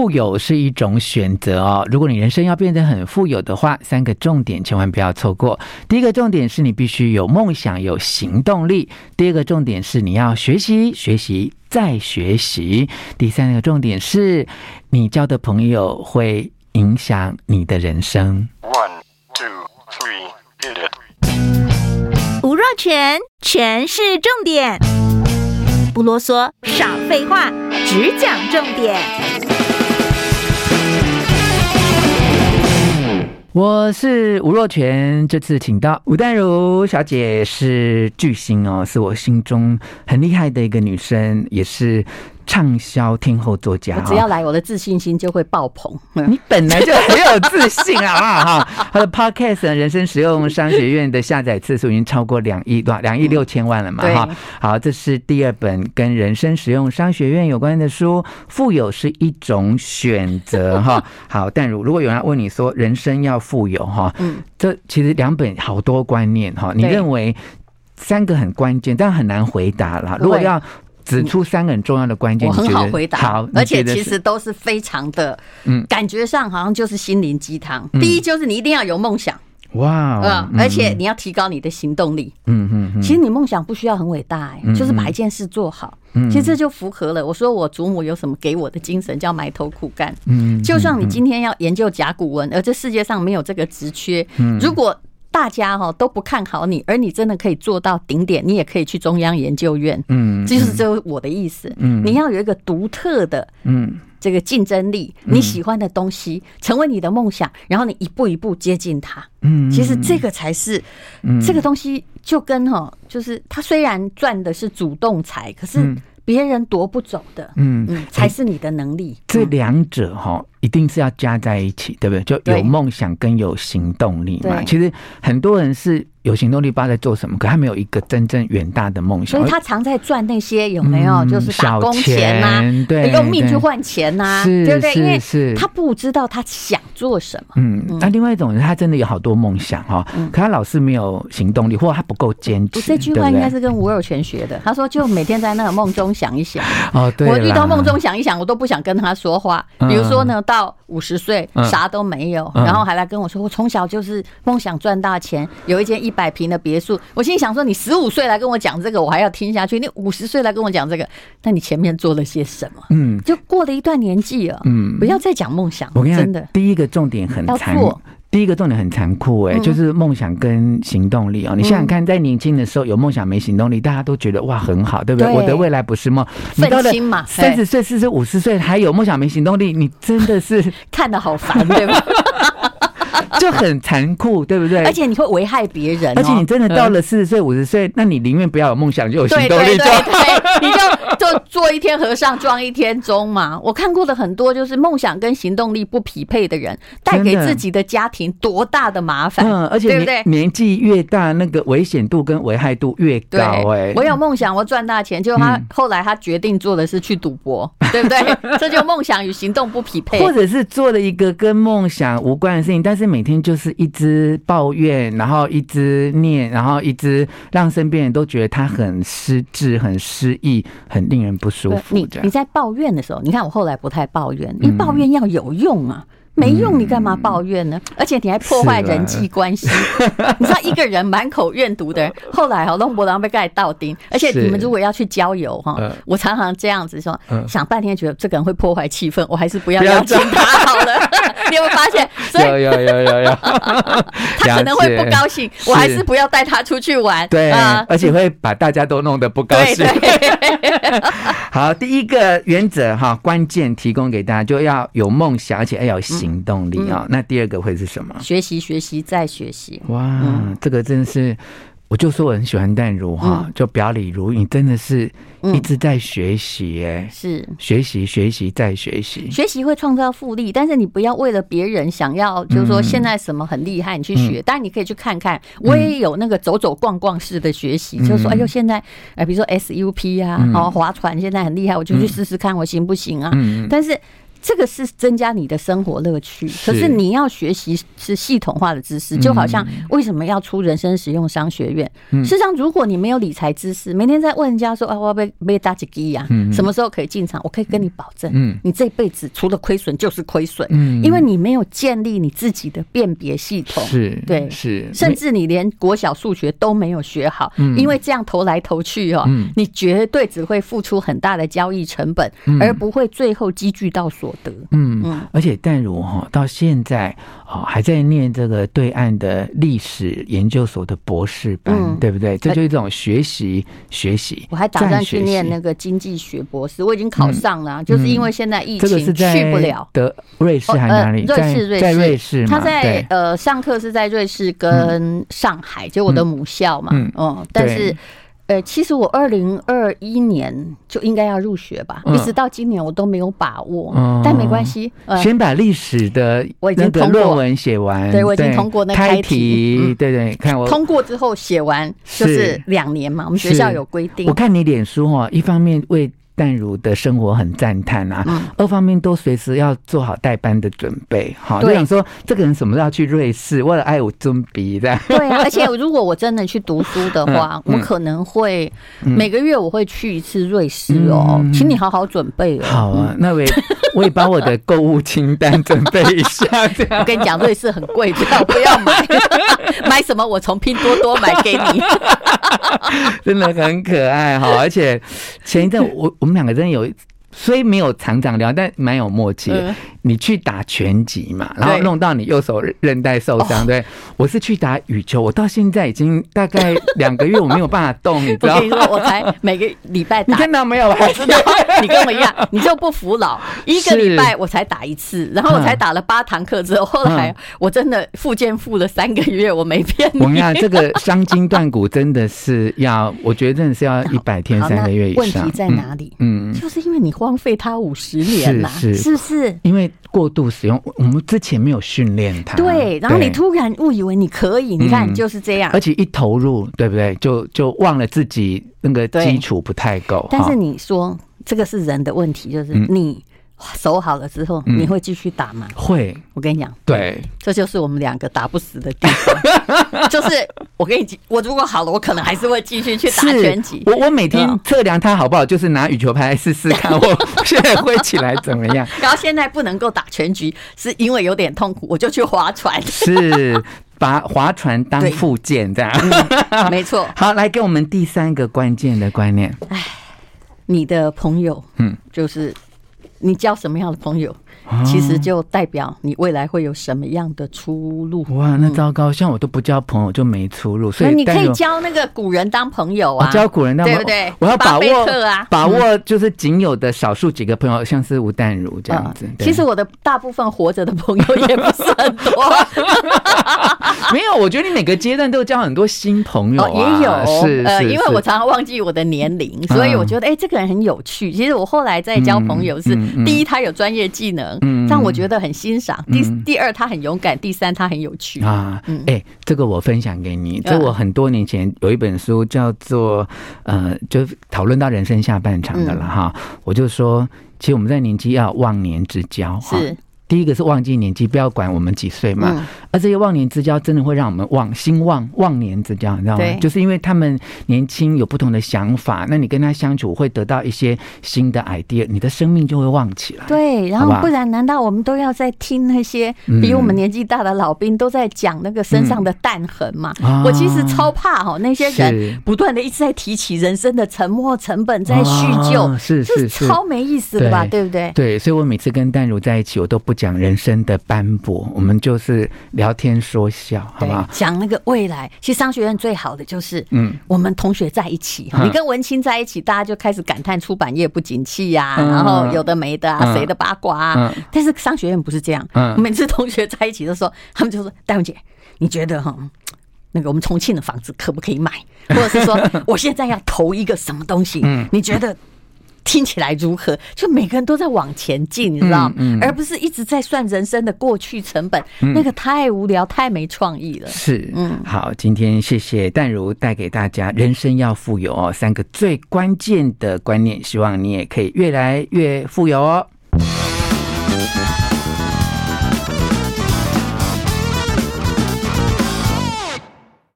富有是一種選擇哦。如果你人生要變得很富有的話，三個重點千萬不要錯過。第一個重點是你必須有夢想、有行動力；第二個重點是你要學習、學習再學習；第三個重點是你交的朋友會影響你的人生。One, two, three, did it。吳若權，權式重點，不囉嗦，少廢話，只講重點。我是吳若權，這次請到吳淡如小姐，是巨星哦，是我心中很厲害的一個女生，也是。暢銷天后作家，只要來，我的自信心就會爆棚。 你本來就很有自信啊！哈、 啊，他的 Podcast《人生實用商學院》的下載次數已經超過兩億多，兩億六千萬了嘛？哈，好，這是第二本跟《人生實用商學院》有關的書，《富有是一種選擇》哈。好，但如如果有人問你說，人生要富有哈，哦、嗯，這其實兩本好多觀念哈，你認為三個很關鍵，對但很難回答啦，如果要指出三個很重要的關鍵，我很好回答，好，而且其實都是非常的，嗯，感覺上好像就是心靈雞湯。第一就是你一定要有夢想，哇，嗯，而且你要提高你的行動力，嗯嗯，其實你夢想不需要很偉大，哎，就是把一件事做好，其實這就符合了。我說我祖母有什麼給我的精神，叫埋頭苦幹，嗯，就算你今天要研究甲骨文，而這世界上沒有這個職缺，如果。大家哈都不看好你，而你真的可以做到頂點，你也可以去中央研究院。嗯，嗯，這就是這我的意思。嗯，你要有一個獨特的嗯，這個競爭力，嗯、你喜歡的東西成為你的夢想，然後你一步一步接近它。嗯，其實這個才是、嗯、這個東西就跟哈、哦，就是他雖然賺的是主動財，可是。別人奪不走的，嗯，才嗯，才是你的能力，這兩者哈、哦，嗯，一定是要加在一起，對不對？就有夢想跟有行動力嘛。對其實很多人是。有行動力吧，在做什麼？可他沒有一個真正遠大的夢想，所以他常在賺那些有沒有？就是打工錢吶，用命去換錢吶，對不對？因為是他不知道他想做什麼。嗯，那另外一種人，他真的有好多夢想哈，可他老是沒有行動力，或他不夠堅持。這句話應該是跟吳若權學的，他說就每天在那個夢中想一想。哦，對，我遇到夢中想一想，我都不想跟他說話。比如說呢，到五十歲啥都沒有，然後還來跟我說，我從小就是夢想賺大錢，有一件一。百平的別墅，我心裡想說，你十五歲來跟我講這個，我還要聽下去；你五十歲來跟我講這個，那你前面做了些什麼？嗯，就過了一段年紀了。嗯，不要再講夢想。我跟你講，真的，第一個重點很殘酷。第一個重點很殘酷，哎，就是夢想跟行動力哦，你想想看，在年輕的時候有夢想沒行動力，大家都覺得哇很好，對不對？我的未來不是夢。憤心嘛。三十歲、四十歲、五十歲還有夢想沒行動力，你真的是看得好煩，對吧？就很殘酷，對不對？而且你會危害別人。而且你真的到了四十歲、五十歲，那你寧願不要有夢想，就有行動力，對。你就就做一天和尚撞一天鐘嘛。我看過的很多就是夢想跟行動力不匹配的人，帶給自己的家庭多大的麻煩。嗯，而且對不對？年紀越大，那個危險度跟危害度越高。哎，我有夢想，我賺大錢。結果他後來他決定做的是去賭博，對不對？這就夢想與行動不匹配，或者是做了一個跟夢想無關的事情，但是。但是每天就是一直抱怨，然後一直念，然後一直讓身邊人都覺得他很失智、很失意、很令人不舒服、嗯你。你在抱怨的時候，你看我後來不太抱怨，因抱怨要有用啊，嗯、沒用你幹嘛抱怨呢？嗯、而且你還破壞人際關係。吧 你知道一個人滿口怨毒的人， 後來哈弄不郎被蓋倒釘。而且你們如果要去郊遊哈，是嗯、我常常這樣子說，嗯、想半天覺得這個人會破壞氣氛，我還是不要邀請他好了。不要 你會發現，所以有有有有有， 他可能會不高興，我還是不要帶他出去玩。了解 對，呃、而且會把大家都弄得不高興。對 好，第一個原則哈，關鍵提供給大家就要有夢想，而且要有行動力啊。嗯嗯、那第二個會是什麼？學習，學習，再學習。哇，這個真是。我就說我很喜歡淡如、嗯、哈，就表裡如一，你真的是一直在學習耶？是、嗯、學習學習再學習，學習會創造複利，但是你不要為了別人想要，就是說現在什麼很厲害你去學，嗯、當然你可以去看看，我也有那個走走逛逛式的學習，嗯、就是說哎呦現在哎比如說 SUP 啊，嗯、哦划船現在很厲害，我就去試試看我行不行啊？嗯嗯、但是。這個是增加你的生活樂趣，可是你要學習是系統化的知識，就好像為什麼要出人生實用商學院？嗯、事實上，如果你沒有理財知識，每天在問人家說啊，我要不要被大幾億啊，嗯、什麼時候可以進場？我可以跟你保證，嗯，你這輩子除了虧損就是虧損，嗯，因為你沒有建立你自己的辨別系統，嗯、對是對，是，甚至你連國小數學都沒有學好，嗯、因為這樣投來投去哦，嗯、你絕對只會付出很大的交易成本，嗯、而不會最後積聚到所。獲得嗯，而且淡如哈到現在哦，還在念這個對岸的歷史研究所的博士班，嗯、對不對？這就是一種學習、欸、學習習。我還打算去念那個經濟學博士，我已經考上了，啊，就是因為現在疫情去不了的、嗯這個、瑞士還是哪裡、哦呃？瑞士，瑞士。在瑞士他在呃上課是在瑞士跟上海，嗯、就我的母校嘛。嗯，嗯嗯但是。呃、欸，其實我二零二一年就應該要入學吧，嗯、一直到今年我都沒有把握，嗯、但沒關係，嗯、先把歷史的我已經通過論文寫完，對我已經通過那個開題，題嗯、對，對對，看我通過之後寫完就是兩年嘛，是我們學校有規定。我看你臉書啊，一方面為。淡如的生活很讚嘆啊，嗯、二方面都隨時要做好代班的準備。好，對就想說這個人什麼時候要去瑞士？為了愛我，準備。對啊，而且如果我真的去讀書的話， 嗯嗯、我可能會每個月我會去一次瑞士哦、喔。嗯嗯、請你好好準備、喔。好啊，嗯、那位。 我也把我的購物清單準備一下這樣。 我跟你講，瑞士很貴，不要不要買。 買什麼？我從拼多多買給你。 真的很可愛哈，而且前一陣我我們兩個真的有一次。雖沒有常常聊，但蠻有默契。你去打拳擊嘛，然後弄到你右手韌帶受傷。對，我是去打羽球，我到現在已經大概兩個月，我沒有辦法動。我跟你說，我才每個禮拜打，你看到沒有？我知道你跟我一樣，你就不服老。一個禮拜我才打一次，然後我才打了八堂課之後，後來我真的復健復了三個月，我沒騙你。我們啊，這個傷筋斷骨真的是要，我覺得真的是要一百天三個月以上。問題在哪裡？嗯，就是因為你花。浪費他五十年啦，是不是？是是因為過度使用，我們之前沒有訓練他，對，然後你突然誤以為你可以，嗯、你看就是這樣，而且一投入，對不對？就就忘了自己那個基礎不太夠。對但是你說、哦、這個是人的問題，就是你。嗯手好了之後，你會繼續打嗎？會，我跟你講，對，這就是我們兩個打不死的地方。就是我跟你講，我如果好了，我可能還是會繼續去打全局。我我每天測量它好不好，就是拿羽球拍來試試看，我現在會起來怎麼樣。然後現在不能夠打全局，是因為有點痛苦，我就去划船，是把划船當附件這樣。沒錯。好，來給我們第三個關鍵的觀念。哎，你的朋友，嗯，就是。你交什麼樣的朋友？其實就代表你未來會有什麼樣的出路。哇，那糟糕！像我都不交朋友就沒出路。所以你可以交那個古人當朋友啊，交古人當朋友，對不對？我要把握，把握就是僅有的少數幾個朋友，像是吳淡如這樣子。其實我的大部分活着的朋友也不算多，沒有。我覺得你每個階段都交很多新朋友哦，也有是呃，因為我常常忘記我的年齡，所以我覺得哎，這個人很有趣。其實我後來在交朋友是第一，他有專業技能。嗯，但我覺得很欣賞。第、嗯嗯、第二，他很勇敢；第三，他很有趣啊。哎、嗯欸，這個我分享給你。這我很多年前有一本書叫做“嗯、呃”，就討論到人生下半場的了哈。嗯、我就說，其實我們在年紀要忘年之交哈。第一個是忘記年紀，不要管我們幾歲嘛。嗯、而這些忘年之交真的會讓我們忘心忘忘年之交，你知道嗎？對。就是因為他們年輕有不同的想法，那你跟他相處會得到一些新的 idea，你的生命就會旺起來。對，然後不然難道我們都要再聽那些比我們年紀大的老兵都在講那個身上的彈痕嘛？嗯嗯哦、我其實超怕哦、喔，那些人不斷的一直在提起人生的沉默成本在敘舊、哦，是是，是，就是超沒意思的吧？對，對不對？對，所以我每次跟淡如在一起，我都不。講人生的斑駁，我們就是聊天說笑，好不好？講那個未來，其實商學院最好的就是，嗯，我們同學在一起哈，你跟文青在一起，大家就開始感嘆出版業不景氣呀，然後有的沒的，誰的八卦。但是商學院不是這樣，每次同學在一起的時候，他們就說：“淡如姐，你覺得哈，那個我們重慶的房子可不可以買？或者是說，我現在要投一個什麼東西？嗯，你覺得？”聽起來如何？就每個人都在往前進，你知道嗎？嗯嗯、而不是一直在算人生的過去成本，嗯、那個太無聊，太沒創意了。是，嗯，好，今天謝謝淡如帶給大家人生要富有哦，三個最關鍵的觀念，希望你也可以越來越富有哦。